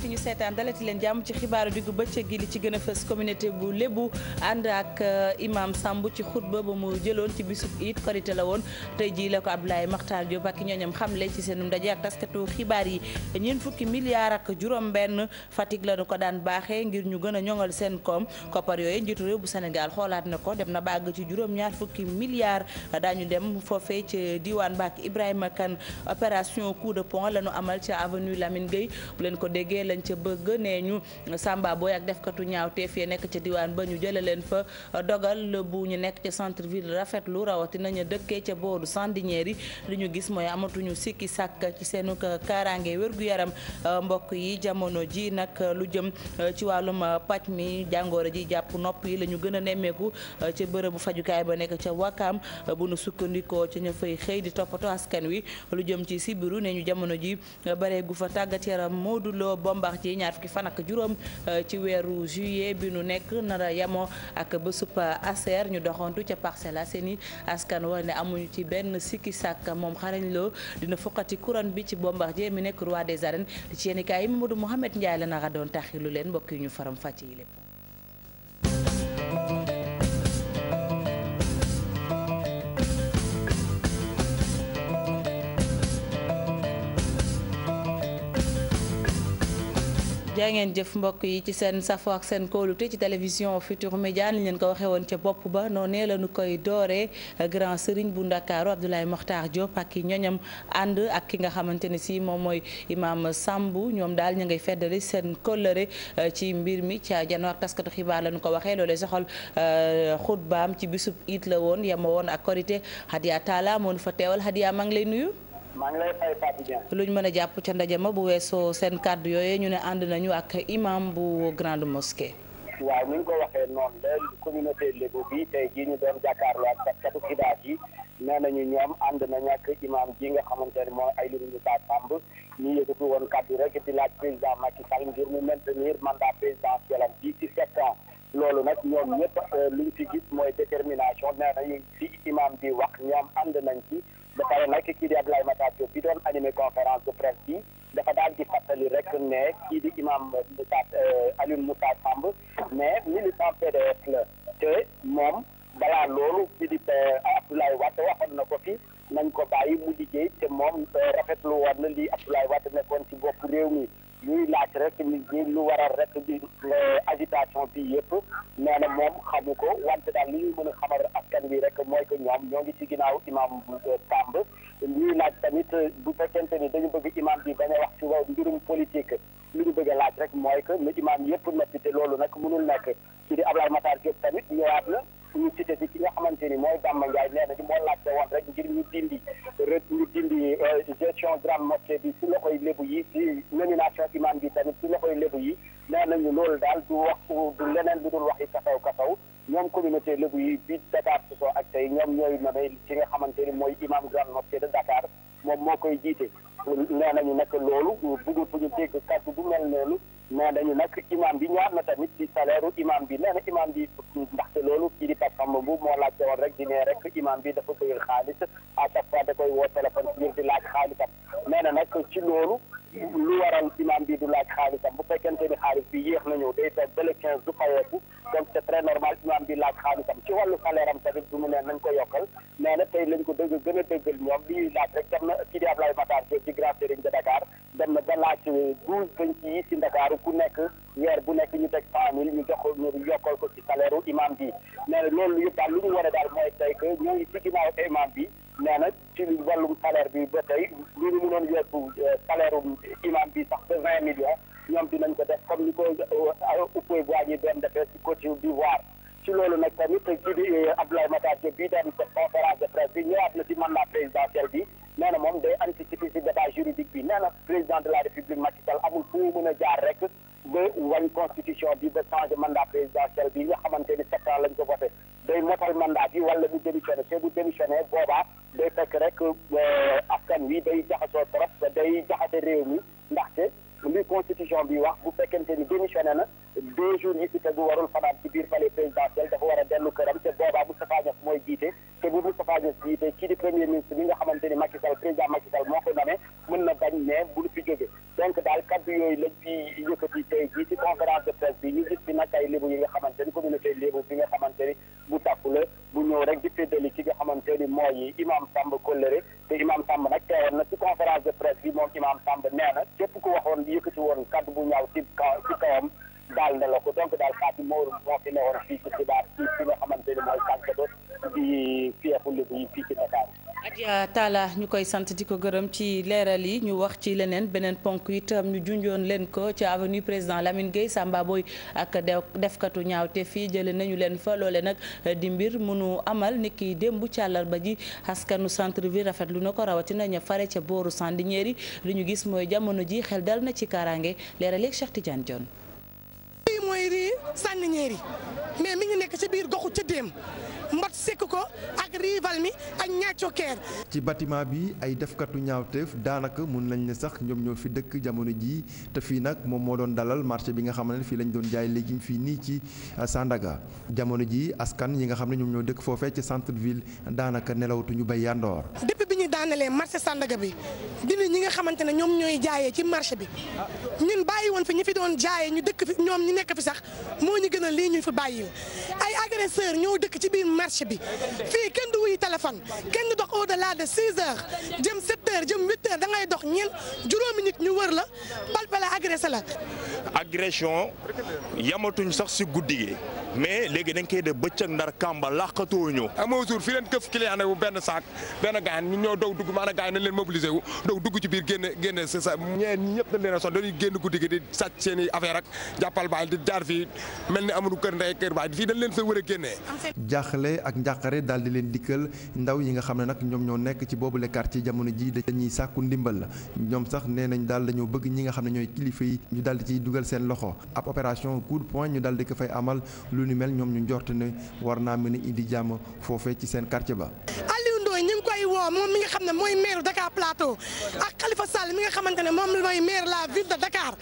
mbégte ñu seetaan dalati leen jàmm ci xibaaru diggu bëccëg gi li ci gën a fës communauté bu euh, Samb ci xutba ba mu jëloon ci bisub it korité la woon tey jii la ko Abdoulaye Makhtar Diop ak ñooñam xamle ci seenum ndaje ak taskatu xibaar yi ñeen fukki milliards ak juróom-benn Fatick la ko daan baaxee ngir ñu gën a ñoŋal seen koom koppar yooyu njiitu réew bu Sénégal xoolaat na ko dem na bàgg ci juróom-ñaar fukki milliards daañu dem foofee ci diwaan baak Ibrahima Kane opération coup de pont la amal ci avenue Lamine Gueye leen ko déggee lañ ñu Samba Boy ak defkatu ñaaw teef nekk diwaan ba ñu jëlee leen fa dogal bu ñu nekk ca centre ville rafetlu rawatina ñu dëkkee ca booru Sandiniéry li ñu gis mooy amatuñu sikki sàkk ci seenu kaaraange wér-gu-yaram mbokk yi jamono ji nag lu jëm uh, ci wàllum uh, paj mi jàngooro ji jàpp nopp yi la gën a nemmeeku uh, ci bërëbu fajukaay ba nekk ca Wakaam bu nu sukkandikoo ca ñu fay xëy di toppatoo askan wi lu jëm ci sibiru ne ñu jamono ji bareegu fa tàggat yaram Modou Lo bomb Bombardier ñaar fukki fan ak juróom euh, ci weeru juillet bi nu nekk nara yamoo ak bésub euh, aser ñu doxantu ca Parcelles Assainies askan wa ne amuñu ci benn sikki sàkk moom xarañ loo dina foqati couronne bi ci Bombardier mi nekk roi des arènes di ci yenn kaay yi Mamadou Mouhamed Ndiaye la nara doon taxi lu leen mbokk yi ñu faram fàcce yi lépp jaa ngeen jëf mbokk yi ci seen safo ak seen kóolute ci télévision Futurs Médias ni leen ko waxee woon ca bopp ba noonee la ñu koy dooree grand sëriñ bu ndakaaru Abdoulaye Mokhtar Diop ak i ñoñam ànd ak ki nga xamante ne si moom mooy imaam Sambu ñoom daal ñu ngay feddali seen kóllëre euh, ci mbir mi ca janoo ak taskatu xibaar la ñu ko waxee loolee soxal euh, baam ci bisub it la woon yema woon ak korité Hadia Talla moo fa teewal Hadia maa ngi lay nuyu maa ngi lay fay Fatou Dieng. luñ mën a jàpp ca ndaje ma bu weesoo seen kàddu yooyee ñu ne ànd nañu ak imam bu grande mosquée. waaw ñu ñu ko waxee noonu la communauté lébu bi tey jii ñu doon jàkkaarloo ak taskatu xibaar yi nee nañu ñoom ànd nañ ak imam ji nga xamante ne mooy ay lu ñu taa Samb ñu yëkkati woon kàddu rek di laaj président Macky Sall ngir mu maintenir mandat présidentiel am bii ci sept ans loolu nag ñoom ñëpp euh, luñ ci gis mooy détermination nee nañu si imam bi wax ñoom ànd nañ ci. ba pare nag kii di Abdoulaye Makhtar Diop bi doon animé conférence de presse bi dafa daal di fàttali rek ne kii di imam Moussa euh, Alioune Moussa Samb mais militant PDS la te moom balaa loolu kii di euh, Abdoulaye Wade waxoon na ko fi nañ ko bàyyi mu liggéey te moom euh, rafetlu woon na lii Abdoulaye ne nekkoon ci bopp réew mi ñuy laaj rek nit ñi lu waral rek bi agitation bi yëpp nee na moom xamu ko wante daal li ñuy mën a xamal askan wi rek mooy que ñoom ñoo ngi ci ginnaaw imam Samb euh, ñuy laaj tamit euh, bu fekkente ni dañu bëgg imam bi bañ a wax ci waaw mbirum politique li ñu bëgg laaj rek mooy que nu imam yëpp noppi te loolu nag mënul nekk ci di Abdoulaye Matar Diop tamit ñëwaat na suñu cité si ki nga xamante ni mooy Bamba Ndiaye nee di moo laajte woon rek ngir ñu dindi rek ñu dindi euh, gestion grande mosquée bi si loxoy lébu yi si nomination imam bi tamit si loxoy lébu yi nee nañu loolu daal du wax du leneen lu dul waxi kasaw kasaw ñoom communauté lébu yi bi Dakar sosoo ak tey ñoom ñooy nomé Abdoulaye Makhtar Diop bii daal taala ñu koy sant di ko gërëm ci leeral yi ñu wax ci leneen beneen ponk itam ñu junjoon leen ko ci avenue président Lamine Gueye Samba Boy ak defkatu te fii jële nañu leen faloole nag di mbir mënu amal ni ki démb ci àllarba ji askanu centre bi rafetlu na ko rawatina ña fare ca booru Sandiniéry lu ñu gis mooy jamono ji xel dal na ci kaaraange leeral yeeg Cheikh Tidiane Dione. lii mooy rii Sandiniéry mais mi ngi nekk ci biir goxu ca déem mbat sekk ko ak rival mi ak ñaaco keer ci bâtiment bi ay defkatu ñaawteef daanaka mun nañ ne sax ñoom ñoo fi dëkk jamono jii te fii nag moom moo doon dalal marché bi nga xam ne fii lañu doon jaay légumes fii nii ci euh, Sandaga jamono jii askan yi nga xam ne ñoom ñoo dëkk foo ci centre ville daanaka nelawtuñu bay yandoor daanalee marché Sandaga bi dina ñi nga xamante ne ñoom ñooy jaayee ci marché bi ñun bàyyi woon fi ñi fi doon jaayee ñu dëkk fi ñoom ñu nekk fi sax moo ñu gën a lii ñu fi bàyyi ay agresseur ñoo dëkk ci biir marché bi fii kenn du wuy téléphone kenn du dox au delà de 6 heures jëm 7 heures jëm 8 heures da ngay dox ñeent juróomi nit ñu wër la palpala agressé la. agression yamatuñ sax si guddi gi mais léegi dañ koy def bëccëg ndar kàmba làqatoo ñu. amoo jour fi leen këf benn saak daw dugg maanaam gars yi leen mobilisé wu daw dugg ci biir génne génne sa sa ñeen ñi ñëpp dañ leen a son dañuy génn guddi gi di sàcc seen i affaire ak jàppal baay di jaar fii mel ni amuñu kër ndey kër baay fii dañ leen sa wër a génnee jaaxle ak njàqare daal leen dikkal ndaw yi nga xam ne nag ñoom ñoo nekk ci boobule quartier jamono ji dañuy sàkku ndimbal la ñoom sax nee nañ daal dañoo bëgg ñi nga xam ne ñooy kilifa yi ñu daal di ciy dugal seen loxo ab opération coup point ñu daal di ko fay amal lu ni mel ñoom ñu njort ne war naa mën a indi jàmm foofee ci seen quartier ba koy woo moom mi nga xam ne mooy maire Dakar Plateau ak Khalifa Sall mi nga xamante ne moom mooy maire la ville de Dakar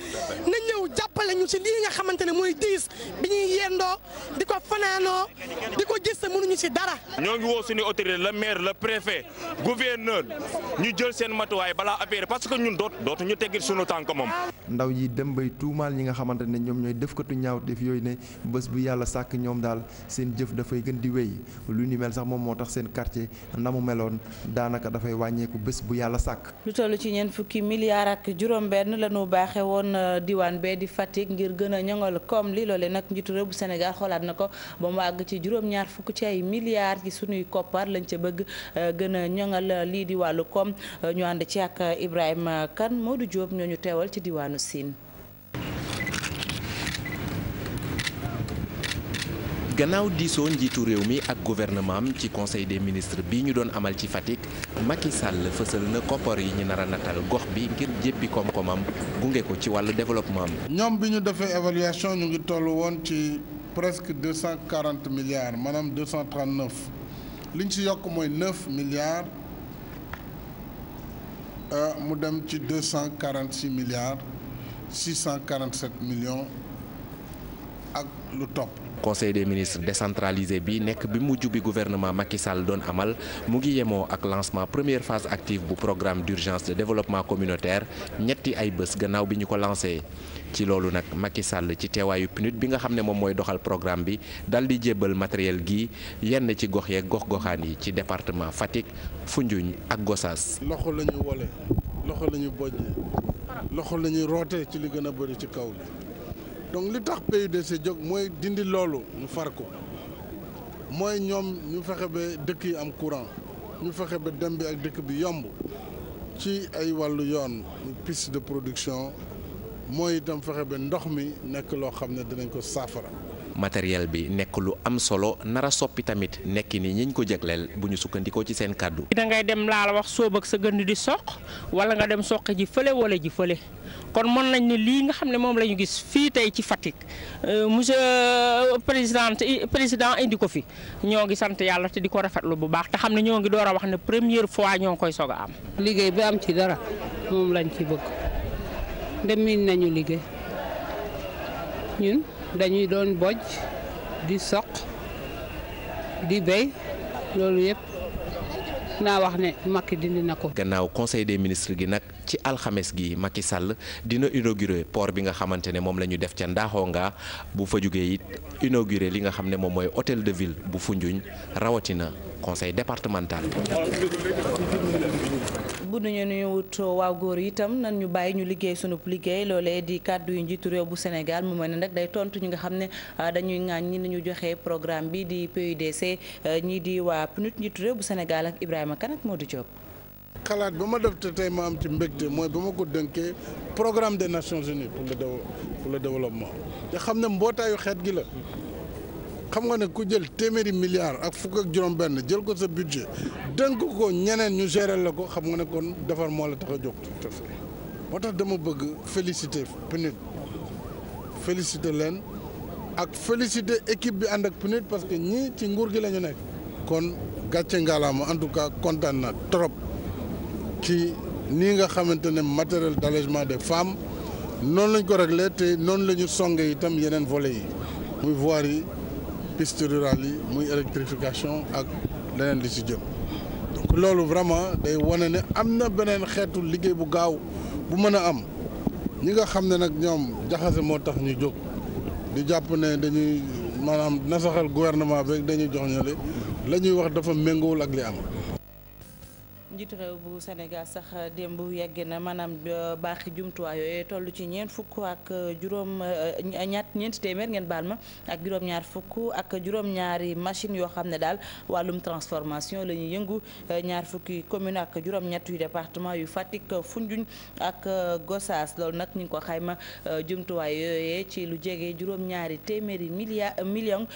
na ñëw jàppale ñu ci lii nga xamante ne mooy diis bi ñuy yendoo di ko fanaanoo di ko gis te mënuñu ci dara. ñoo ngi woo suñu autorité la maire le préfet gouverneur ñu jël seen matuwaay balaa affaire parce que ñun doot dootu ñu teggil suñu tànk moom. ndaw yi dem bay tuumaal ñi nga xamante ne ñoom ñooy defkatu ñaaw def yooyu ne bés bu yàlla sàkk ñoom daal seen jëf dafay gën di wéy lu ni mel sax moom moo tax seen quartier na mu meloon daanaka dafay wàññiku bés bu yàlla sàkk. lu toll ci ñeent fukki milliards ak juróom-benn la ñu baaxee woon euh, diwaan bee di Fatick ngir gën a ñoŋal koom li nag njiitu réew bu Sénégal xoolaat na ko ba mu àgg ci juróom-ñaar fukk ci ay milliards ci sunuy koppar lañ ca bëgg euh, gën a ñoŋal euh, lii di wàllu koom ñu ànd ci ak Ibrahima Kane Modou Diop ñoo ñu teewal ci diwaanu Sine. gannaaw diisoo njiitu réew mi ak gouvernement am ci conseil des ministre bi ñu doon amal ci Fatick Macky Sall fësal na koppar yi ñu nar a natal gox bi ngir jéppi koom-koomam gunge ko ci wàllu développement ñoom bi ñu defee évaluation ñu ngi toll woon ci presque deux cent quarante milliards maanaam deux cent trente neuf li ñu ci yokk mooy neuf milliards euh, mu dem ci deux cent quarante six milliards six cent quarante sept millions ak lu topp. conseil des ministre décentralisé bi nekk bi mujj bi gouvernement Macky Sall doon amal mu ngi yemoo ak lancement première phase active bu programme d'urgence de développement communautaire ñetti ay bés gannaaw bi ñu ko lancé ci loolu nag Macky Sall ci teewaayu PNUD bi nga xam ne moom mooy doxal programme bi dal di jébbal matériel gi yenn ci gox yeeg gox-goxaan yi ci département Fatick Foundiougne ak Gossas. loxo la ñu wole loxo la ñu bojjee ci li gën a bëri ci kaw bi donc li tax PUDC jóg mooy dindi loolu ñu far ko mooy ñoom ñu fexe ba dëkk yi am courant ñu fexe ba dem bi ak dëkk bi yomb ci ay wàllu yoon piste de production mooy itam fexe ba ndox mi nekk loo xam ne dinañ ko saafara. matériel bi nekk lu am solo nara soppi tamit nekki ni ñiñ ko jagleel bu ñu sukkandikoo ci seen kàddu. da ngay dem laa la wax sóob ak sa gënd di soq wala nga dem soq ji fële wala ji fële kon mën nañ ne lii nga xam ne moom lañu gis fii tey ci Fatick euh, monsieur euh, président président indi ko fi ñoo ngi sant yàlla te di ko rafetlu bu baax te xam ne ñoo ngi door a wax ne première fois ñoo ngi koy soog am. liggéey bi am ci dara moom lañ ci bëgg dem miin nañu liggéey dañuy doon bojj di soq di béy loolu yëpp naa wax ne Macky dindi na ko. gannaaw conseil des ministres gi nag ci alxames gi Macky Sall dina inauguré port bi nga xamante ne moom la ñu def ca Ndaxonga bu fa jógee it inauguré li nga xam ne moom mooy hôtel de ville bu Foundiougne rawatina conseil départemental bi. bu ñu nuyuwut uh, waaw góor itam nan ñu bàyyi ñu liggéey sunub liggéey loolee di kàddu yu njiitu réew bu Sénégal mu mel ne nag day tontu ñi nga xam ne uh, dañuy ŋaañ ñi ni ñu joxee programme bi di PUDC uh, ñii di waa PNUD njiitu réew bu Sénégal ak Ibrahima Kane ak di Diop. xalaat ba ma def tey ma am ci mbégte mooy ba ma ko dënkee programme de Nations Unies pour le pour te xam ne mbootaayu xeet gi la. xam nga ne ku jël téeméeri milliards ak fukk ak juróom-benn jël ko sa budget dënk ko ñeneen ñu gérer la ko xam nga ne kon defar moo la tax a jóg moo tax dama bëgg féliciter PNUD féliciter leen ak féliciter équipe bi ànd ak PNUD parce que ñii ci nguur gi la ñu nekk. kon gàcce ngalaama en tout cas kontaan na trop ci nii nga xamante ne matériel d'allègement des femmes noonu lañ ko réglé te noonu la ñu songe itam yeneen vole yi muy voir yi. piste rurale yi muy électrification ak leneen di ci jëm donc loolu vraiment day wane ne am na beneen xeetu liggéey bu gaaw bu mën a am ñi nga xam ne nag ñoom jaxase moo tax ñu jóg di jàpp ne dañuy maanaam nasaxal gouvernement bi rek dañuy jox ñale la ñuy wax dafa méngoowul ak li am njiitu réew bu Sénégal sax démb yegg na maanaam euh, baaxi jumtuwaay yooyu toll ci ñeent fukk ak euh, juróom euh, ñaat ñeenti téeméer ngeen baal ma ak juróom-ñaar fukk ak juróom-ñaari machine yoo xam ne daal wàllum transformation la ñuy yëngu ñaar fukki commune ak juróom-ñett yu département yu Fatick Foundiougne ak Gossas loolu nag ñu ngi ko xayma jumtuwaay yooyee ci lu jege juróom-ñaari téeméeri milliard million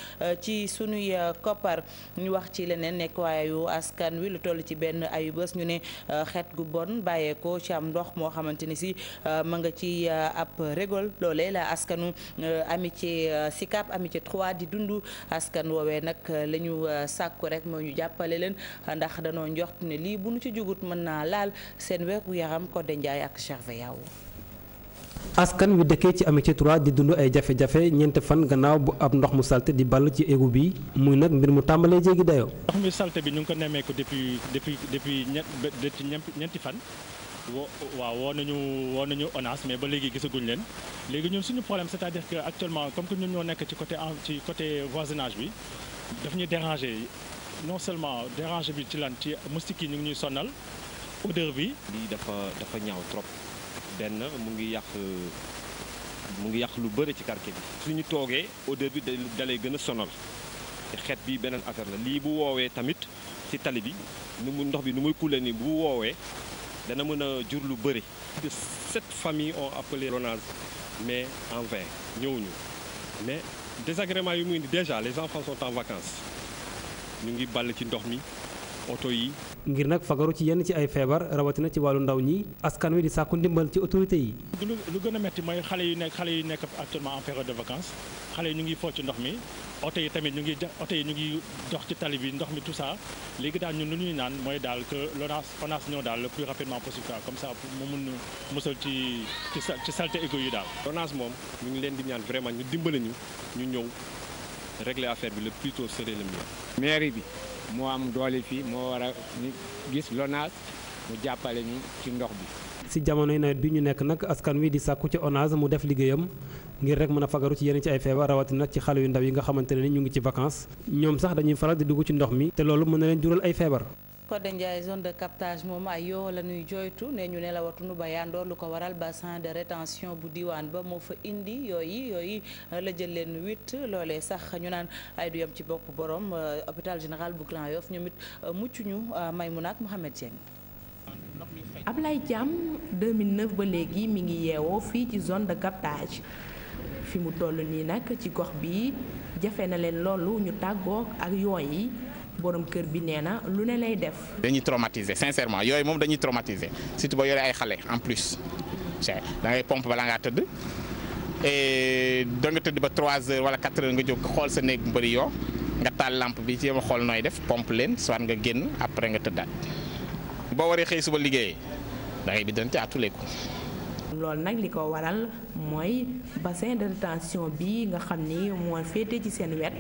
ci sunuy koppar ñu wax ci leneen nekk askan wi lu toll ci benn ayub bés ñu ne euh, xeet gu bon bàyyeekoo ci am ndox moo xamante ni si euh, ma nga ci euh, ab régol loolee la askanu amitié ami ci 3 di dundu askan woowee nag la ñu sàkku rek moo ñu jàppale leen ndax danoo njort ne lii bu nu ci jugut mën naa laal seen wér gu yaram Codé Ndiaye ak Gervais Yaw askan wi dëkkee ci Amitié 3 di dund ay jafe-jafe ñeenti fan gannaaw bu ab ndox mu salte di ball ci égout bi muy nag mbir mu tàmbalee jéegi dayoo. ndox mi salte bi ñu ngi ko nemmeeku depuis depuis depuis ñeenti fan waaw woo nañu woo nañu ONAS mais ba léegi gisaguñ leen léegi ñoom suñu problème c'est-à-dire actuellement comme que ñun ñoo nekk ci côté ci côté voisinage bi daf ñu déranger non seulement déranger bi ci lan ci moustiques yi ñu ngi ñuy sonal odeur bi. dafa dafa ñaaw trop. benn mu ngi yàq mu ngi yàq lu bëri ci quartier bi suñu toogee au début da lay gën a sonal te xet bi beneen affaire la lii bu woowee tamit ci tali bi nu mu ndox bi nu muy kuule ni bu woowee dana mën a jur lu bëri sept familles on appelé l'ONAS mais en vain ñëwuñu mais désagrément yu muy indi déjà les enfants sont en vacances ñu ngi ball ci ndox mi oto yi. ngir nag fagaru ci yenn ci ay feebar rawatina ci wàllu ndaw ñi askan wi di sàkku ndimbal ci autorité yi. lu gën a métti mooy xale yu nekk xale yu nekk actuellement en période de vacances xale yi ñu ngi foo ci ndox mi oto yi tamit ñu ngi oto yi ñu ngi dox ci tali bi ndox mi tout ça léegi daal ñun lu ñuy naan mooy daal que l'ONAS ONAS ñëw daal le plus rapidement possible comme ça mu mun musal ci ci saleté égo yi daal. ONAS moom ñu ngi leen di ñaan vraiment ñu dimbali ñu ñu ñëw régler affaire bi le plus tôt serait le moo am doole fii moo war a gis LONASE mu jàppale ñu ci ndox bi. si jamonoy nawet bi ñu nekk nag askan wi di sàkku ci ONAS mu def liggéeyam ngir rek mën a fagaru ci yeneen ci ay feebar rawatina ci xale yu ndaw yi nga xamante ne ni ñu ngi ci vacances ñoom sax dañuy faral di dugg ci ndox mi te loolu mën na leen jural ay feebar. Codé Ndiaye zone de captage moom yoo la ñuy joytu ne ñu ne la watunu ba yandoor ko waral bassin rétention bu diwaan ba moo fa indi yooyu yooyu la jël leen huit loolee sax ñu naan ay du yem ci bopp borom euh, hôpital général bu Grand Yoff ñoom it euh, mucc ñu euh, Maymouna ak Mohamed Dieng Ablaye Thiam 2009 ba léegi mi ngi yeewoo fii ci zone de captage fi mu toll nii nag ci gox bi jafe na leen loolu ñu tàggoo ak yooy yi borom kër bi nee na lu ne lay def. dañuy traumatiser sincèrement yooyu moom dañuy traumatiser surtout ba yore ay xale en plus da ngay pompe bala ngaa tëdd et da nga tëdd ba trois heures wala 4 heures nga jóg xool sa néeg mbëri yoo nga taal lampe bi ci ma xool nooy def pompe leen soit nga génn après nga tëddaat boo waree xëy suba liggéeyee da ngay biddanti à tous les coups. nag li ko waral mooy bassin de rétention bi nga xam ni moo féete ci seen wet.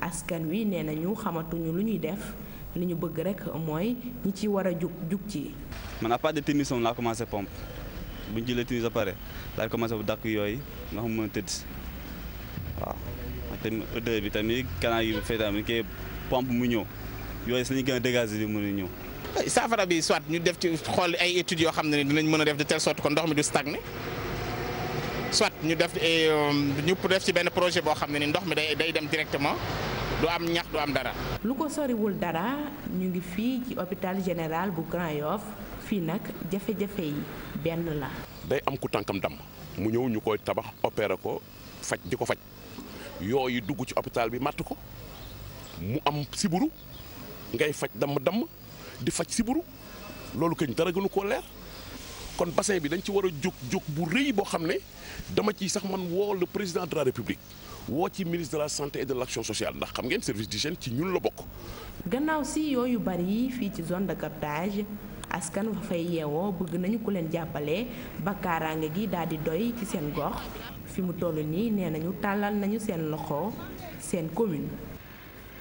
askan wi nee nañu xamatuñu lu ñuy def li ñu bëgg rek mooy ñi ci war a jug jug ci. man a part de tennis laa commencé pompe bu ñu jëlee tennis a pare laa commencé bu dàkk yooyu nga xam mën tëdd waaw. tamit odeur bi tamit canal yi fay tamit kii pompe mu ñëw yooyu si la ñu gën a dégager di mën a ñëw. saafara bi soit ñu def ci xool ay études yoo xam ne ni dinañ mën a def de telle sorte que ndox mi du stagné soit ñu def euh, ñu def ci benn projet boo xam ne ni ndox mi day day dem directement du am ñax du am dara. lu ko soriwul dara ñu ngi fii ci hôpital général bu Grand Yoff fii nag jafe-jafe yi benn la. day am ku tànkam damm mu ñëw ñu koy tabax opéré ko faj di ko faj yooyu dugg ci hôpital bi matt ko mu am siburu ngay faj damm-damm di faj siburu loolu kañ dara gënu koo leer. kon bassin bi dañ ci war a jóg jóg bu rëy boo xam ne dama ciy sax man woo le président de la république woo ci ministre de la santé et de l' action sociale ndax xam ngeen service d'hygiène ci ñun la bokk. gannaaw si yooyu bari yi fii ci zone de captage askan fa fay yeewoo bëgg nañu ko leen jàppale ba kaaraange gi daal di doy ci seen gox fi mu toll nii nee nañu tàllal nañu seen loxo seen commune.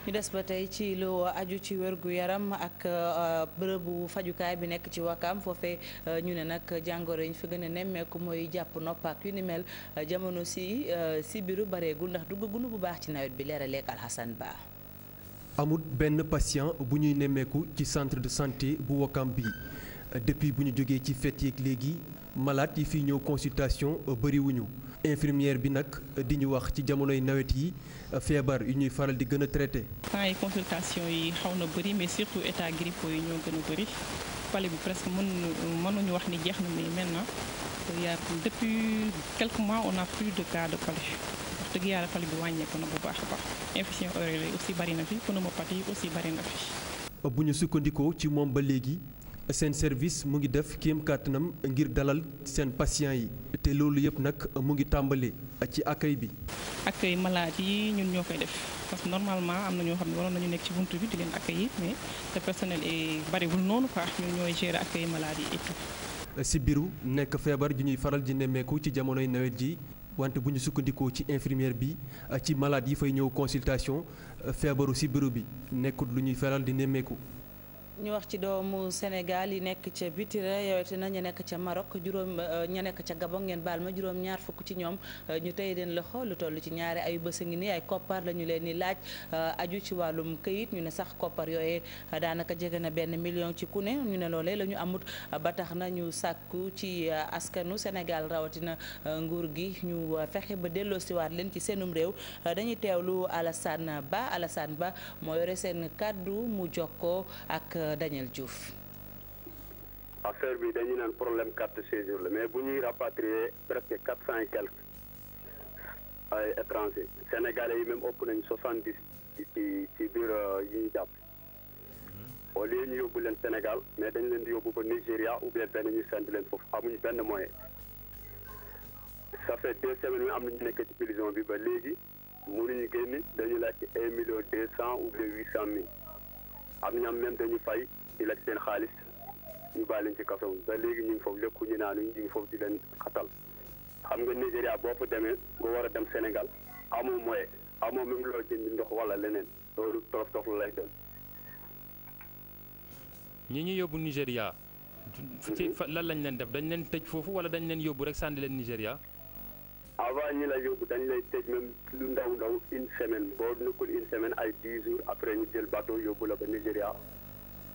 ñu des ba tey ci lu aju ci wérgu yaram ak euh, bërëbu fajukaay bi nekk ci Wakaam foofee euh, ñu ne nag jàngoro yi ñu fi gën a nemmeeku mooy jàpp nopp ak yu ni mel jamono si euh, si biiru bareegul ndax duggagunu bu baax ci nawet bi leeraleeg Alxasan Ba. amul benn patient bu ñuy nemmeeku ci centre de santé bu Wakaam bi depuis bu ñu jógee ci fête yeeg léegi malade yi fi ñëw consultation bëriwuñu. infirmière bi nag di ñu wax ci jamonoy nawet yi feebar yu ñuy faral di gën a traité. temps yi consultation yi xaw na bëri mais surtout état grippaux yi ñoo gën a bëri pale bi presque mën nañu wax ni jeex na mais maintenant y a depuis quelques mois on a plus de cas pale wax dëgg yàlla pale bi wàññeeku na bu baax a baax infection oreille aussi bari na fi pneumopathie aussi bari na fi. bu ñu sukkandikoo ci moom ba léegi seen service mu ngi def kéem kàttanam ngir dalal seen patient yi te loolu yëpp nag mu ngi tàmbali ci accueil bi. accueil malade yi ñun ñoo koy def parce que normalement am na ñoo xam ne waroon nañu nekk ci buntu bi di leen accueillir mais te personnel yi bariwul noonu quoi ñun ñooy gérer accueil malade yi et tout. si biiru nekk feebar ju ñuy faral di nemmeeku ci jamonoy nawet ji. wante bu ñu sukkandikoo ci infirmière bi ci malaat yi fay ñëw consultation feebaru sibiru bi nekkut lu ñuy faral di nemmeeku. ñu wax ci doomu Sénégal yi nekk ca biti réew na ñu nekk ca Maroc juróom euh, ña nekk ca Gabon ngeen baal ma juróom ñaar fukk ci ñoom euh, ñu tey leen loxo lu toll ci ñaari ay bës ngi nii ay koppar la ñu leen di laaj euh, aju ci wàllum këyit ñu ne sax koppar yooyee daanaka jege na benn million ci ku ne ñu ne loolee la ñu amut ba tax na ñu sàkku ci askanu Sénégal rawatina nguur gi ñu fexe ba delloosiwaat leen ci seenum réew dañuy teewlu Alassane Ba Alassane Ba moo yore seen mu jokkoo ak. Daniel Diouf. affaire bi dañu naan problème carte séjour la mais bu ñuy rapatrier presque quatre cent et quelques ay yi même ëpp nañu soixante dix ci ci biir euh, yi ñu jàpp au lieu ñu yóbbu leen Sénégal mais dañ leen di yóbbu ba Nigéria ou bien benn ñu sent leen foofu amuñu benn moyen ça fait deux semaines mi am nañu nekk ci prison bi ba léegi mënuñu génn dañu laaj ay millions deux cent ou bien huit cent mille am ñam même dañu fay di lekk seen xaalis ñu bàyyi leen ci kaso ba léegi ñu ngi foofu lépp ñu naan ñu ngi foofu di leen xatal xam nga Nigéria boo fa demee nga war a dem senegal amoo moyen amoo même loo jënd ndox wala leneen loolu torof torof lay doon. ñi ñu yóbbu Nigéria. Mm-hmm. ci lan lañ leen def dañ leen tëj foofu wala dañ leen yóbbu rek sànni leen Nigéria. avant ñu la yóbbu dañ lay tëj même lu ndaw ndaw une semaine boo nekkul une semaine ay dix jours après ñu jël bateau yóbbu la ba Nigéria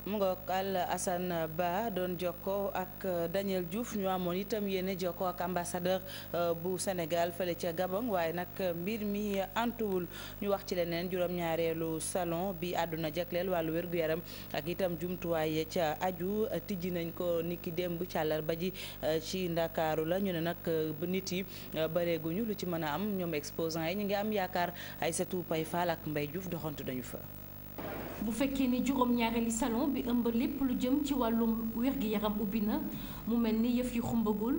mu nga Al Assane Ba doon jokko ak danielle Diouf ñu amoon itam yéene jokko ak ambassadeur euh, bu Sénégal fële ca Gabon waaye nag mbir mi antuwul ñu wax ci leneen juróom-ñaareelu salon bi àdduna jagleel wàllu wér yaram ak itam jumtuwaay ca aju tijji nañ ko niki démb càllar ba ji euh, ci ndakaaru la ñu ne nag euh, nit yi bareeguñu lu ci mën a am ñoom exposant yi ñu ngi am yaakaar Aïssatou Pay Fall ak Mbaye Diouf doxantu dañu fa bu fekkee ni juróom-ñaareeli salon bi ëmbal lépp lu jëm ci wàllum wér-gi-yaram ubbi na mu mel ni yëf yu xumbagul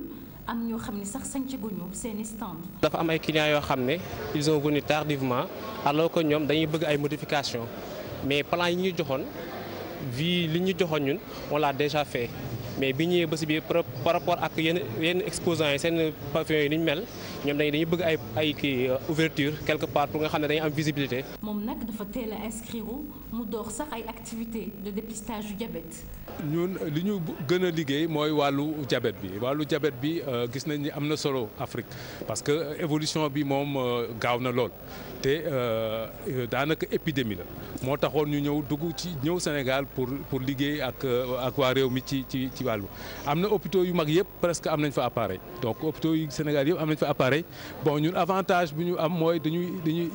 am ñoo xam ne sax sàncaguñu seeni stand. dafa am ay clients yoo xam ne ils ont venu tardivement alors que ñoom dañuy bëgg ay modifications mais plan yi ñu joxoon vie li ñu joxoon ñun on l'a déjà fait mais bi ñëwee ba si biir par rapport ak yenn yenn exposants yi seen pavillon yi ni ñu mel. ñoom dañuy dañuy bëgg ay ay kii euh, ouverture quelque part pour nga xam ne dañuy am visibilité. moom nag dafa teel a inscrire mu door sax ay activités de dépistage du diabète. ñun li ñu gën a liggéey mooy wàllu diabète bi wàllu diabète bi euh, gis nañ ni am na solo Afrique parce que euh, évolution bi moom gaaw na lool te daanaka épidémie la moo taxoon ñu ñëw dugg ci ñëw Sénégal pour pour liggéey ak ak waa réew mi ci ci ci wàllu am na hôpitaux yu mag yëpp presque am nañ fa appareil donc hôpitaux yu Sénégal bon ñun avantage bu ñu am mooy dañuy dañuy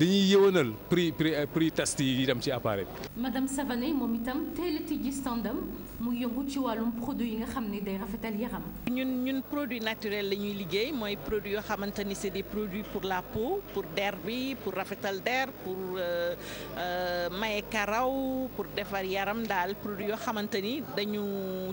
dañuy yëwanal prix prix prix test yi dem ci appareil bi. madame Savané moom itam teel a tijji standam mu yëngu ci wàllum produit yi nga xam ne day rafetal yaram. ñun ñun produit naturel la ñuy liggéey mooy produit yoo xamante ni c'est des produits pour la peau pour der bi pour rafetal der pour euh, euh, maye karaw pour defar yaram daal produit yoo xamante ni dañu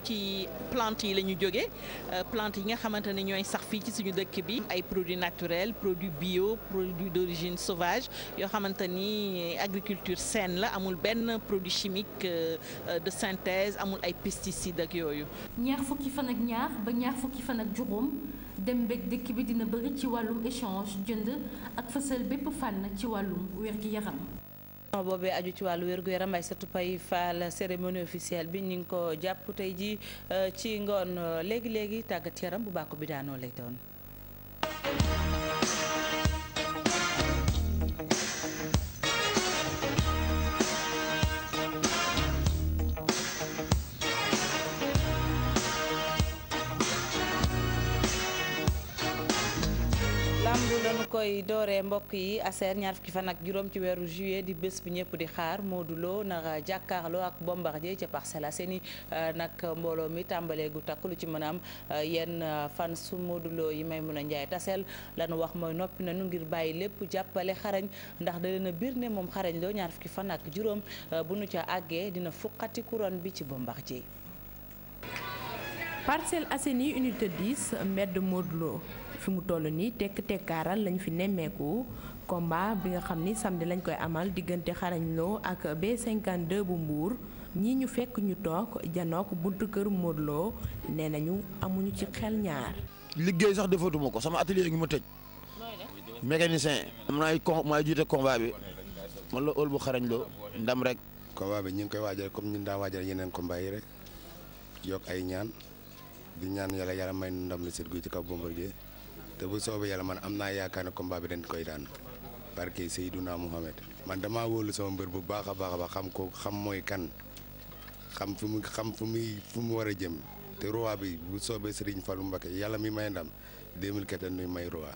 ci plante yi la ñu jógee euh, plante yi nga xamante ne ñooy sax fii ci suñu dëkk bi ay produits naturels produits bio produits d'origine sauvage yoo xamante ni agriculture saine la amul benn produit chimique de synthèse amul ay ak pesticide ak yooyu. ñaar fukki fan ak ñaar ba ñaax fukki fan ak juróom dem beeg dëkk bi dina bëri ci wàllum échange jënd ak fësal bépp fànn ci wàllum wér-gi-yaram. boobee aju ci wàllu wérgu yaram ay satu pay faal cérémonie officielle bi ñu ngi ko jàpp tey ji euh, ci ngoon euh, léegi léegi tàggat yaram bu bàkku bi daanoo lay doon. koy dooree mbokk yi aseer ñaar fukki fan ak juróom ci weeru juillet di bés bi ñëpp di xaar Modou na nara jàkkaarloo ak Bombardier ca Parcelles Assainies euh, nag mbooloo mi tàmbalee gu takk lu ci mënaam a euh, yenn euh, fan su yi Lo mun Maimouna Ndiaye taseel lan wax mooy noppi na nu ngir bàyyi lépp jàppale xarañ ndax da leen a biir ne moom xarañ loo ñaar fukki fan ak juróom bu nu ca àggee dina fuqati couronne bi ci Bombardier Parcelles Assainies unité 10 mbedd Modou fi mu toll nii tekk tekkaaral lañu fi nemmeeku combat bi nga xam ni samedi lañ koy amal diggante xarañ loo ak B52 bu mbuur ñii ñu fekk ñu toog janook buntu kër Modou Lo nee nañu amuñu ci xel ñaar. liggéey sax defatuma ko sama atelier ngi ma tëj. mécanicien. am na ay con maa bi man la ël bu xarañ loo ndam rek. combat bi ñu ngi koy waajal comme ñu daa waajal yeneen combat yi rek yokk ay ñaan di ñaan yàlla yàlla may ndam la sét gu ci kaw Bombardier te bu soobee yàlla man am naa yaakaar ne kombaa bi dañ koy daan barke Seydouna Mohamed man damaa wóolu sama mbër bu baax a baax a xam ko xam mooy kan xam fu mu xam fu muy fu mu war a jëm te roi bi bu soobee sëriñ Fallou Mbacké yàlla mi may ndam 2014 nuy may roi.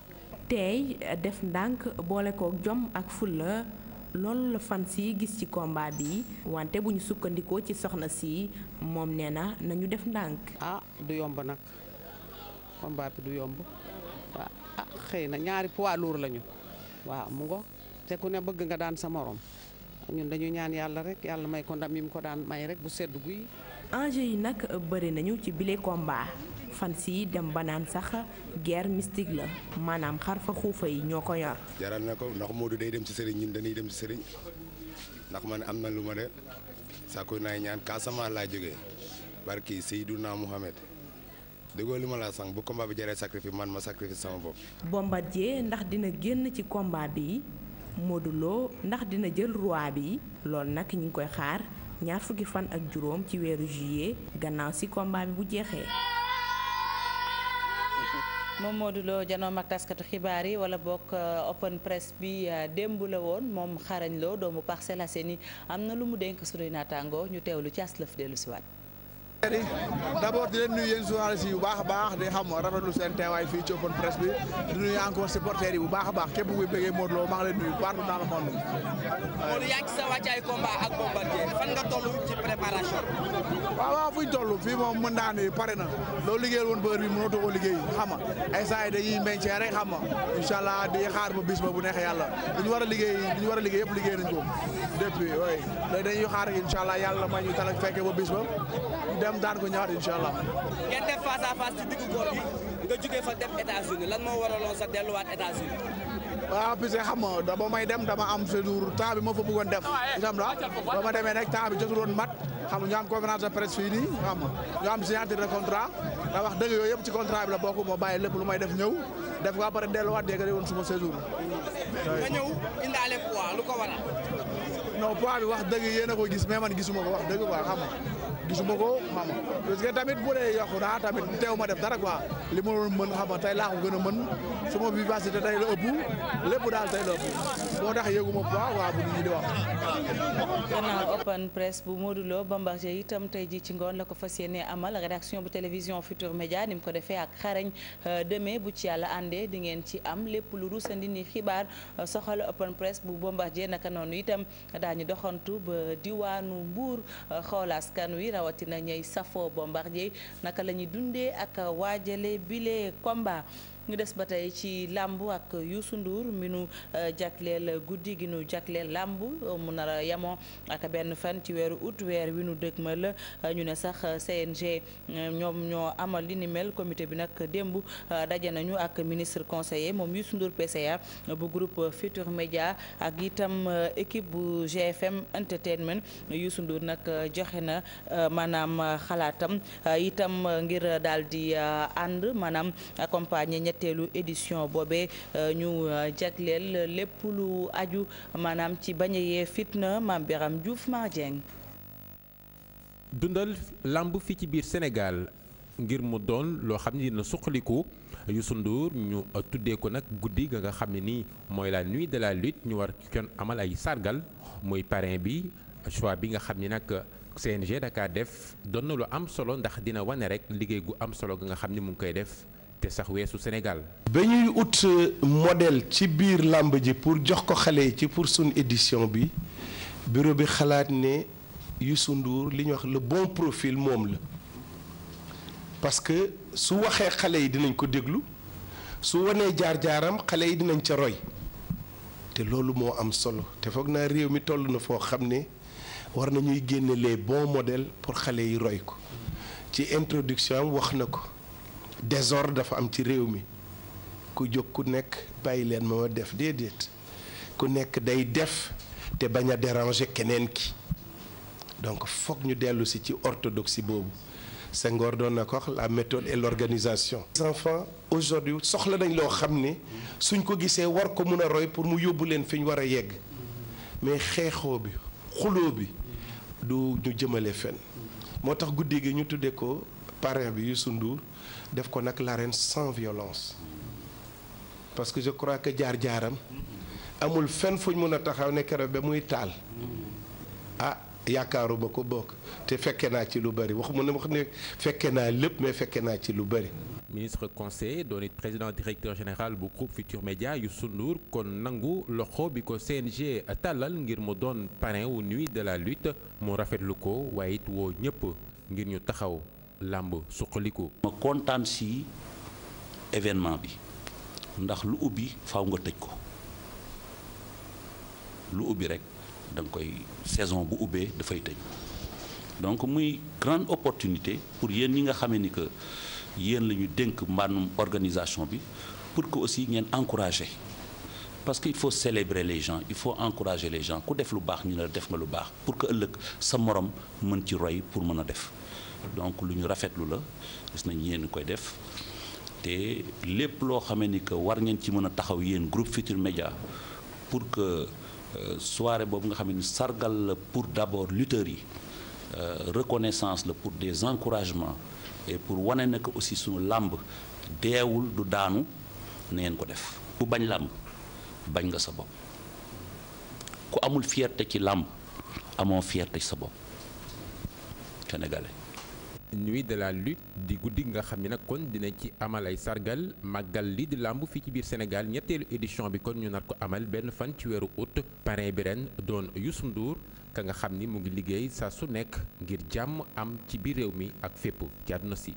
tey def ndànk boole ko jom ak fulla loolu la fan si gis ci combat bi wante bu ñu sukkandikoo ci soxna sii moom nee na nañu def ndànk. ah du yomb nag combat bi du yomb. ah xëy na ñaari poids lourd lañu waaw mu ngo te ku ne bëgg nga daan sa morom ñun dañuy ñaan yàlla rek yàlla may ko ndam yi mu ko daan may rek bu sedd guy. enjeu yi nag bëri nañu ci bile combat fan sii dem ba naan sax guerre mystique la maanaam xar fa xuufa yi ñoo ko yor. jaral na ko ndax Modou day dem ci sëriñ ñun dañuy dem si sëriñ ndax ma ne am na lu ma de sàkku naay ñaan Casamance laa jógee barki Seydouna Mohamed. déggoo li ma la sànq bu combat bi jaree sacrifice man ma sacrifice sama bopp. Bombardier ndax dina génn ci komba bi Modou Lo ndax dina jël roi bi lool nag ñu ngi koy xaar ñaar fukki fan ak juróom ci weeru juillet gannaaw si combat bi bu jeexee. moom Modou Lo janoom ak taskatu xibaar yi wala bokk euh, open press bi euh, démb la woon moom xarañ loo doomu Parcelles ni am na lu mu denk sunuy naataangoo ñu teewlu ci aslëf dellu siwaat d'abord di leen nuyu yéen journalistes yi bu baax a baax di xam lu seen teewaay fii ci open presse bi di nuyu encore bu baax a baax képp kuy bëggee Modou Lo maa ngi leen nuyu partout dans le monde. Modou yaa ngi sa wàccaay combat ak Bombardier fan nga toll ci préparation. waaw waaw ñu toll fii moom mën naa ne pare na loolu liggéeyal woon ba heure bii mënatoo ko liggéey xam nga ay saa yi dañuy mbencee rek xam nga di xaar ba bis ba bu neex yàlla li war a liggéey li ñu war a liggéey liggéey nañ ko depuis oui yàlla may ñu tal ak dem daan ko ñëwaat incha allah. ngeen def face à face ci diggu góor bi nga jugee fa dem États-Unis lan moo waraloon sa delluwaat États-Unis. waaw parce que xam nga may dem dama am séjour temps ma fa bëggoon def. itam da ba ma demee nag temps bi jotul woon mat xam nga ñu am conférence de presse fii nii xam nga ñu am signature de contrat da wax dëgg yooyu yëpp ci contrat bi la bokk ma bàyyi lépp lu may def ñëw def ko après delluwaat dégg nga woon suma séjour. nga ñëw indaale poids lu ko waral. non poids bi wax dëgg yéen a ko gis mais man gisuma ko wax dëgg quoi xam nga. gisuma ko xam parce que tamit bu dee yokku naa tamit teew ma def dara quoi li ma doon mën xam tey laa gën a mën sama vivacité tey la ëpp lépp daal tey la ëpp moo tax yëguma bu baax waa Bombardier itam tey ji ci ngoon la ko fas yéene amal rédaction bu télévision Futur Média ni ko defee ak xarañ euh, demee bu ci yàlla àndee di ngeen ci am lépp lu rusandi ni xibaar euh, soxal open press bu Bombardier naka noonu itam daañu doxantu ba diwaanu Mbour euh, xool rawatina ñay safoo bombardier naka la ñuy dundee ak waajale bile combat ñu des ba tey ci làmb ak Youssou Ndour mi nu euh, jagleel guddi gi nu jagleel làmb euh, mu na a yamoo ak benn fan ci weeru août weer wi nu dëgmal euh, ñu ne sax CNG ñoom ñoo amal li ni mel comité bi nag démb daje nañu ak ministre conseiller moom Youssou Ndour PCA bu groupe Futur Média ak itam équipe bu GFM Entertainment Youssou Ndour nag joxe na maanaam xalaatam itam ngir daal di ànd maanaam accompagner ñetteelu édition boobee euh, ñu euh, jagleel lépp lu aju maanaam ci bañ fitna maam Biram Diouf dundal làmb fii ci biir Sénégal ngir mu doon loo xam ne dina suqaliku yu Ndour ñu euh, tuddee ko nag guddi ga nga xam ne nii mooy la nuit de la lutte ñu war kon amal ay sargal muy parrain bi choix bi nga xam ni nag CNG dakaa def doon na lu am solo ndax dina wane rek liggéey gu am solo ga nga xam ni mu ngi koy def te sax weesu Sénégal. ba ñuy ut euh, modèle ci biir làmb ji pour jox ko xale yi ci pour suñ édition bi bureau bi xalaat ne Youssou Ndour li ñuy wax la bon profile moom la parce que su waxee xale yi dinañ ko déglu su wanee jaar-jaaram xale yi dinañ ca roy te loolu moo am solo te foog naa réew mi toll na foo xam ne war nañuy génne les bons modèles pour xale yi roy ko ci introduction am wax na ko. désordre dafa am ci réew mi ku jóg ku nekk bàyyi leen ma ma def déedéet ku nekk day def te bañ a déranger keneen ki donc foog ñu dellu si ci orthodoxie boobu ngor doon na ko wax la méthode et l'organisation les enfants aujourd'hui soxla nañ loo xam ni suñ ko gisee war ko mun a roy pour mu yóbbu leen fi ñu war a yegg mais xeexoo bi xuloo bi du ñu jëmale fenn moo tax guddi gi ñu tuddee ko parrain bi Youssou Ndour def ko nag l'arène sans violence parce que je crois que jaar-jaaram amul fenn fuñ mën a taxaw ne keroog ba muy taal ah yaakaaruma ko bokk te fekke naa ci lu bëri wax mu ne wax ne fekke naa lépp mais fekke naa ci lu bëri ministre conseiller doon it président directeur général bu groupe Futur Média Youssou Ndour kon nangu loxo bi ko CNG tàllal ngir mu doon parrain wu nuit de la lutte mu rafetlu ko waaye it woo ñëpp ngir ñu taxaw làmb suqaliku. ma kontaan si événement bi ndax lu ubbi faw nga tëj ko lu ubbi rek da koy saison bu ubbee dafay tëj donc muy grande opportunité pour yéen ñi nga xamee ni que yéen lañu ñu dénk mbaanum organisation bi pour que aussi ngeen encourager parce que il faut célébrer les gens il faut encourager les gens ku def lu baax ñu ne def nga lu baax pour que ëllëg sa morom mën ci roy pour mën a def donc lu ñu rafetlu la gis nañ yéen koy def te lépp loo xamee ni que war ngeen ci mën a taxaw yéen groupe Futur Média pour que euh, soirée boobu nga xam ne sargal la pour d'abord lutteurs yi euh, reconnaissance la pour des encouragements et pour wane na aussi suñu làmb deewul du daanu na ko def ku bañ làmb bañ nga sa bopp ku amul fierté ci làmb amoo fierté ci sa bopp sénégalais nuit de la di guddi nga xam ni nag kon dina ci amal ay sargal màggal lii di làmb fii ci biir Sénégal ñetteelu édition bi kon ñu nar ko amal benn fan ci weeru août parrain bi ren doon Youssou Ndour ka nga xam ni mu ngi liggéey sa su nekk ngir jàmm am ci biir réew mi ak fépp ci àdduna si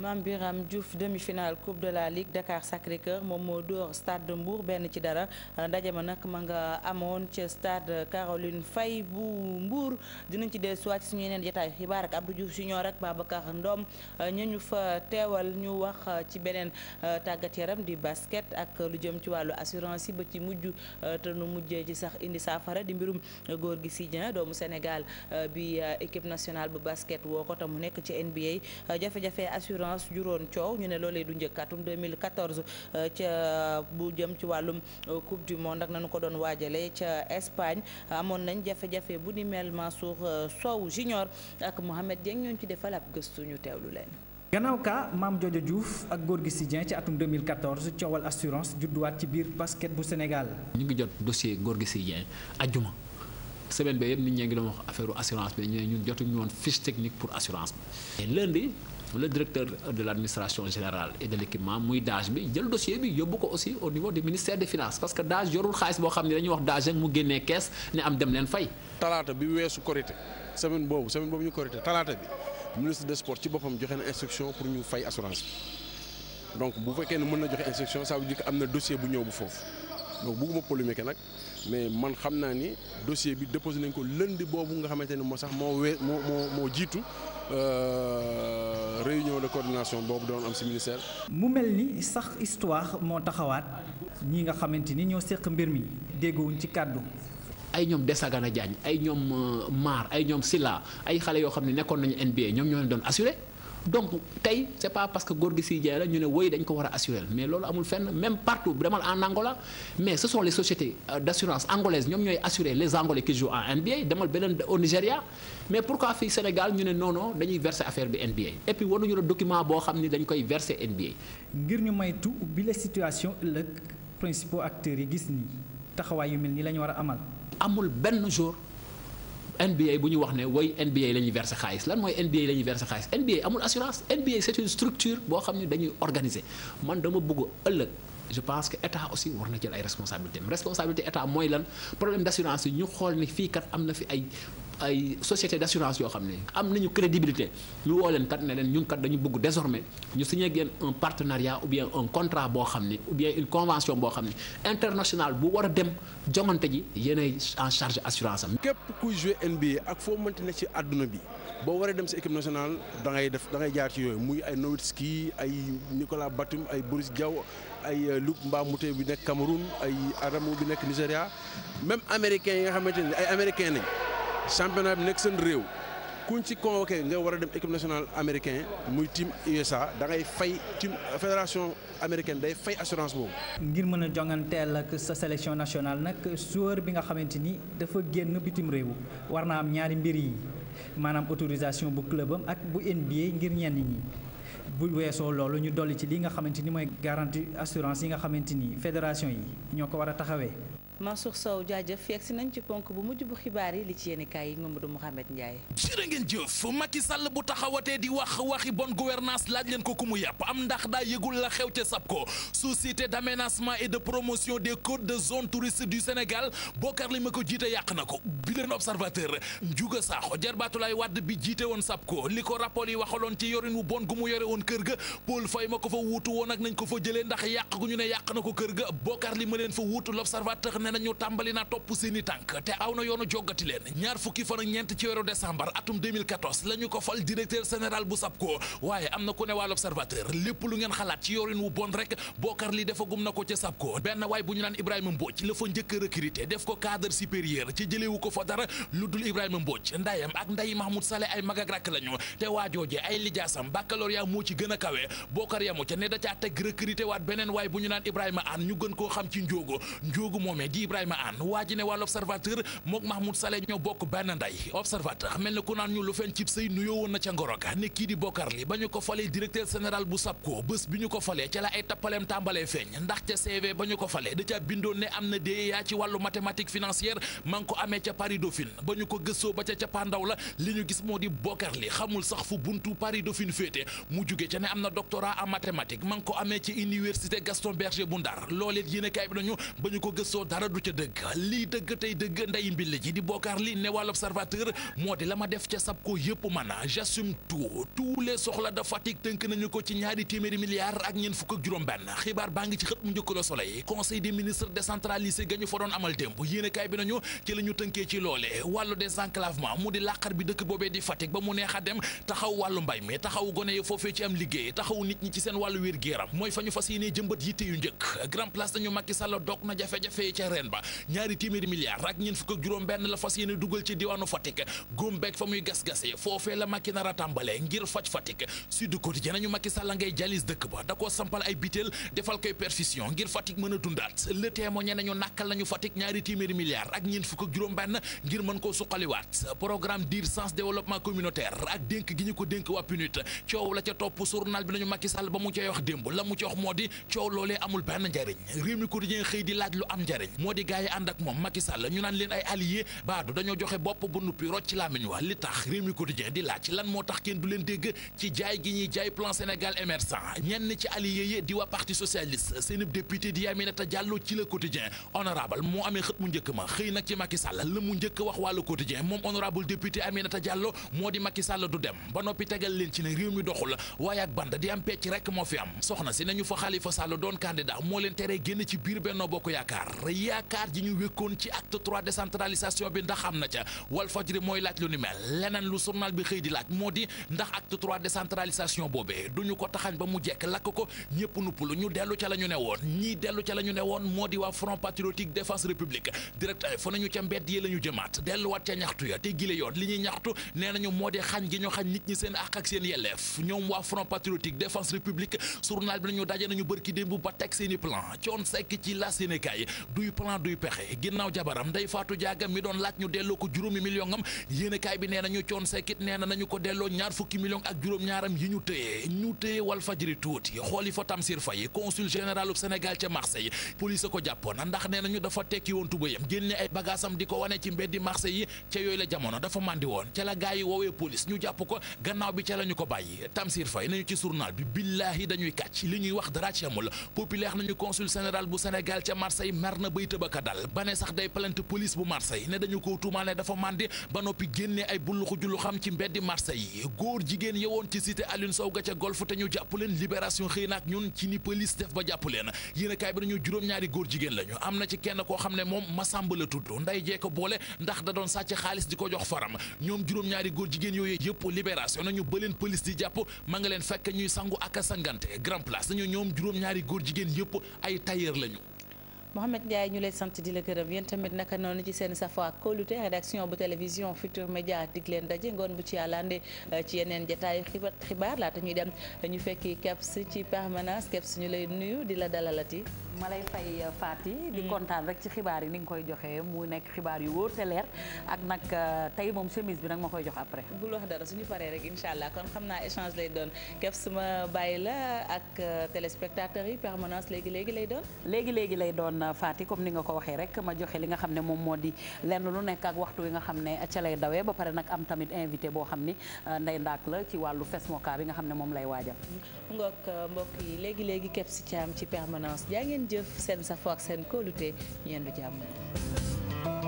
Mame Biram Diouf demi-finale coupe de la Ligue Dakar Sacré-Cœur moom moo door stade de Mbour benn ci dara ndaje ma nag ma nga amoon ca stade Caroline Faye bu Mbour dinañ ci dellusiwaat suñu yeneen jotaay xibaar ak Abdou Diouf Junior ak Babacar Ndom ñu ñu fa teewal ñu wax ci beneen euh, tàggat yaram di basket ak lu jëm ci wàllu assurance yi ba ci mujj euh, te nu mujj ci sax indi saafara di mbirum góor gi Sidien doomu Sénégal euh, bi équipe nationale bu basket woo ko te mu nekk ci NBA jafe-jafe assurance violence juróon coow ñu ne loolee du njëkk atum 2014 euh, ca euh, bu jëm ci wàllum euh, coupe du monde ak nanu ko doon waajale ca Espagne amoon nañ jafe-jafe bu ni mel Mansour Sow junior ak Mohamed Dieng ñooñu ci defal ab gëstu ñu teewlu leen. gannaaw ka maam Jojo Diouf ak góor Gorgui Sy Dieng ci atum 2014 coowal assurance judduwaat ci biir basket bu Sénégal. ñu ngi jot dossier Gorgui Sy Dieng ajjuma semaine bi yëpp nit ñee ngi doon wax affaire assurance bi ñu ne ñun jotuñu woon fiche pour assurance le directeur de l'administration générale et de l'équipement muy DAGE bi jël dossier bi yóbbu ko aussi au niveau du ministère des finances parce que DAGE yorul xaalis boo xam ne dañuy wax DAGE rek mu génnee kees ne am dem leen fay. talaata bi weesu korité semaine boobu semaine boobu ñu korité talaata bi ministre des sports ci boppam joxe na instruction pour ñu fay assurance bi donc bu fekkee ne mën na joxe instruction ça veut dire am na dossier bu ñëw bu foofu donc bugguma polémique nag mais man xam naa ni dossier bi déposé nañ ko lundi boobu nga xamante ne moo sax moo moo moo moo jiitu. Euh, réunion de coordination boobu doon am ci ministère. mu mel ni sax histoire moo taxawaat ñi nga xamante ni ñoo séq mbir mi déggoowuñ ci kàddu. ay ñoom a Diagne ay ñoom euh, Maar ay ñoom Silla ay xale yoo xam ne nekkoon nañu NBA ñoom ñoo doon assuré. donc tey c' est pas parce que góor gi si jaay la ñu ne woy dañ ko war a assurer mais loolu amul fenn même partout vraiment en Angola mais ce sont les sociétés euh, d' assurance angolaises ñoom ñooy assurer les angolais qui jouent en NBA demal beneen au Nigéria mais pourquoi fii Sénégal ñu ne non non dañuy verser affaire bi NBA et puis waruñu la document boo xam ni dañ koy verser NBA. ngir ñu maytu bi la situation ëllëg principaux acteurs yi gis ni taxawaay yu mel ni war a amal. amul benn jour. NBA bu ñu wax ne woy NBA la ñuy verser xaalis lan mooy NBA la ñuy verser xaalis NBA amul assurance NBA c'est une structure boo xam ne dañuy organiser man dama bëgg ëllëg je pense que état aussi war na jël ay responsabilités responsabilité état mooy lan problème d'assurance yi ñu xool ne fii kat am na fi ay. ay société d' assurance yoo xam ne am nañu crédibilité ñu woo leen kat ne leen ñun kat dañu bëgg désormé ñu signé ngeen un partenariat ou bien un contrat boo xam ne ou bien une convention boo xam ne international bu war a dem jongante ji yéenay en charge assurance am. képp kuy joué NBA ak foo mënti ne ci àdduna bi boo waree dem si équipe nationale da def da ngay jaar ci yooyu muy ay Nowitzki ay Nicolas Batum ay Boris Diaw ay euh, Luc Mbamute bi nekk Cameroun ay Adamo bi nekk même américains yi nga xamante ne ay américains nañ. championnat bi nekk seen réew kuñ ci convoqué nga war a dem équipe nationale américain muy team USA da ngay fay team fédération américaine day fay assurance boobu. ngir mën a jonganteel ak sa sélection nationale nag joueur bi nga xamante ni dafa génn bitim réew war na am ñaari mbir yi maanaam autorisation bu clubam ak bu NBA ngir ñenn ñi. bu weesoo loolu ñu dolli ci li nga xamante ni mooy garantie assurance yi nga xamante ni fédération yi ñoo ko war a taxawee. Mansour Sow jaajëf yegg si nañ ci ponk bu mujj bu xibaar yi li ci yéen kaay yi Mamadou Mouhamed Ndiaye. jërë ngeen jëf Macky Sall bu taxawatee di wax waxi bonne gouvernance laaj leen ko ku mu yàpp am ndax daa yëgul la xew ca SAPCO société d' aménagement et de promotion des côtes de zone touriste du Sénégal Bokar li ma ko jiite yàq na ko bi leen observateur Ndiouga Sakho jarbaatulaay wàdd bi jiite woon SAPCO li ko rapport yi waxaloon ci yorin wu bon gu mu ko fa wuutu woon ak nañ ko fa jëlee ndax yàq na ko kër ga Bokar li ma leen ne nañu tàmbali na topp seeni tànk te aw na yoonu joggati leen ñaar fukki fan ak ñeent ci weeru décembre atum 2014 la ñu ko fal directeur général bu SAPCO waaye am na ku ne waa l'observateur lépp lu ngeen xalaat ci yorin wu bon rek Bocar Ly defagum na ko ca SAPCO benn waay bu ñu naan Ibrahima Mbodj la fa njëkk a recruter def ko cadre supérieur ci jëlewu ko fa dara lu dul Ibrahima Mbodj ndayam ak nday Mahmoud Saleh ay mag lañu te waajooje ay lijaasam a kawe Bocar yamu ca ne da caa koo xam ci Ndiogo Ndiogo Ibrahima Anne waa ji ne waa l'Observateur mook Mahmoud Saleh ñoo bokk benn ndey observateur mel na ku naan ñu lu fen cib sëy nuyoo woon na ca ngoroga ne kii di Bokar ba ñu ko falee directeur général bu SAPCO bés bi ñu ko falee ca la ay tappaleem tàmbalee feeñ ndax ca CV ba ñu ko falee da ca bindoon ne am na DEA ci wàllu mathématique financière ma ko amee ca Paris Dauphine ba ñu ko gëstoo ba ca cappaandaw la li ñu gis moo di Bokar xamul sax mu juge ca ne am na doctorat en mathématique ma ngi du ca dëgg lii da Fatick tënk nañu ñu fa doon amal démb yéenekaay bi nañu ci la tënkee ci loole wàllu désenclavement mu di làqar bi dëkk boobee di Fatick ba mu neex a dem taxaw wàllu mbay mi taxaw gone yi foofee ci am liggéey taxaw nit ñi ci seen wàllu wér gu mooy fa ñu fas yéenee jëmbat yitte yu njëkk grand place dañu Macky Sall doog na jafe-jafe ren ba ñaari téeméeri milliards ak ñeent fukk ak juróom benn la fas yéene dugal ci diwaanu Fatick góombeeg fa muy gas-gase foofee la Macky nar a tàmbalee ngir faj Fatick Sud Quotidien nañu Macky la ngay jalis dëkk ba da koo sampal ay biteel defal koy perfusion ngir Fatick mën a dundaat Le Témoin nañu nàkkal nañu Fatick ñaari téeméeri milliards ak ñeent fukk ak juróom benn ngir mën koo suqaliwaat programme d'urgence développement communautaire ak dénk gi la ca topp journal bi nañu Macky Sall ba mu ca wax la mu ca moo di coow loolee amul benn njariñ réew mi di laaj lu am njariñ moo di gars yi ànd ak moom Macky Sall ñu naan leen ay alliés baadu dañoo joxe bopp bu nuppi rocc ci làmmiñ wax li tax réew mi quotidien di laaj lan moo tax kenn du leen dégg ci jaay gi ñuy jaay plan Sénégal émergent ñenn ci alliés yi di waa parti socialiste seen député di Aminata jàlloo ci le quotidien honorable moo amee xët mu njëkk ma xëy nag ci Macky Sall la mu njëkk wax waa le quotidien moom honorable amee Aminata Diallo moo di Macky Sall du dem ba noppi tegal leen ci ne réew mi doxul waaye ak band di am pecc rek moo fi am soxna si nañu fa Khalifa Sall doon candidat moo leen teree génn ci biir Benno Bokk Yaakaar yaakaar ji ñu wékkoon ci acte trois décentralisation bi ndax am na ca Walfadjri mooy laaj lu ni mel leneen lu journal bi xëy di laaj moo di ndax acte trois décentralisation boobee du ñu ko taxañ ba mu jekk lakk ko ñëpp nuppalu ñu dellu ca la ñu ne woon ñii dellu ca la ñu ne woon moo di waa front patriotique défense république direct fa nañu ca mbedd yi la ñu jëmaat delluwaat ca ñaxtu ya te gile yoon li ñuy ñaxtu nee nañu moo di xañ gi ñu xañ nit ñi seen àq ak seen yelleef ñoom waa front patriotique défense république journal bi plan duy pexe ginnaaw jabaram Ndeye Fatou Diaga mi doon laaj ñu delloo ko juróomi million am yéenekaay bi nee nañu coon sekkit na ñu dafa tekki woon tubayam génne ay bagaasam di ko wane ci mbeddi Marseille yi ca yooyu la jamono dafa màndi woon ca la gaa woowee police ñu jàpp ko gannaaw bi ca la ko bàyyi Tamsir Faye nañu ci journal bi billaahi dañuy kàcc li ñuy wax dara ci amul populaire nañu consul général bu Sénégal ca Marseille mer na bay tëbaka dal ba ne sax day plainte police bu Marseille ne dañu ko tuumaal ne dafa màndi ba noppi génne ay bulluxu jullu xam ci mbeddi Marseille góor jigéen yewoon ci cité Alioune Sow ga ca golf te ñu jàpp leen libération xëy na ak ñun ci ni def ba jàpp leen yéen a kaay bi nañu juróom-ñaari góor jigéen lañu am na ci kenn koo xam ne moom Masamba la tudd nday jee ko boole ndax da doon sàcc di ko jox faram ñoom juróom-ñaari góor jigéen yooyu yëpp libération nañu ba leen police di jàpp ma nga leen fekk ñuy sangu ak a sangante grand place nañu ñoom juróom-ñaari góor jigéen yëpp ay tailleur lañu Mohamed Ndiaye ñu lay sant di la këram yéen tamit naka noonu ci seen safa ak kóolute rédaction bu télévision Futur Média dig leen daje ngoon bu ci yàllaande euh, ci yeneen jataayu xibaar laata ñuy dem ñu fekki keps ci permanence keps ñu lay nuyu di la dalalati. ma lay fay euh, Fati. di mm. kontaan rek ci xibaar yi ni nga koy joxee mu nekk xibaar yu wóor te leer ak nag euh, tey moom chemise bi nag ma koy jox après. bul wax dara suñu paree rek incha allah kon xam naa échan lay doon keps ma bàyyi la ak téléspectateurs yi permanence léegi léegi lay doon. léegi léegi lay doon. kon Fati comme ni nga ko waxee rek ma joxe li nga xam ne moom moo di lenn lu nekk ak waxtu wi nga xam ne ca lay dawee ba pare nag am tamit invité boo xam ni euh, nday ndaak la ci wàllu fesmoka bi nga xam ne moom lay waajal. ngoog euh, mbokk yi léegi léegi képp si caam ci permanence jaa ngeen jëf seen safo ak seen kóolute ñeendu jàmm.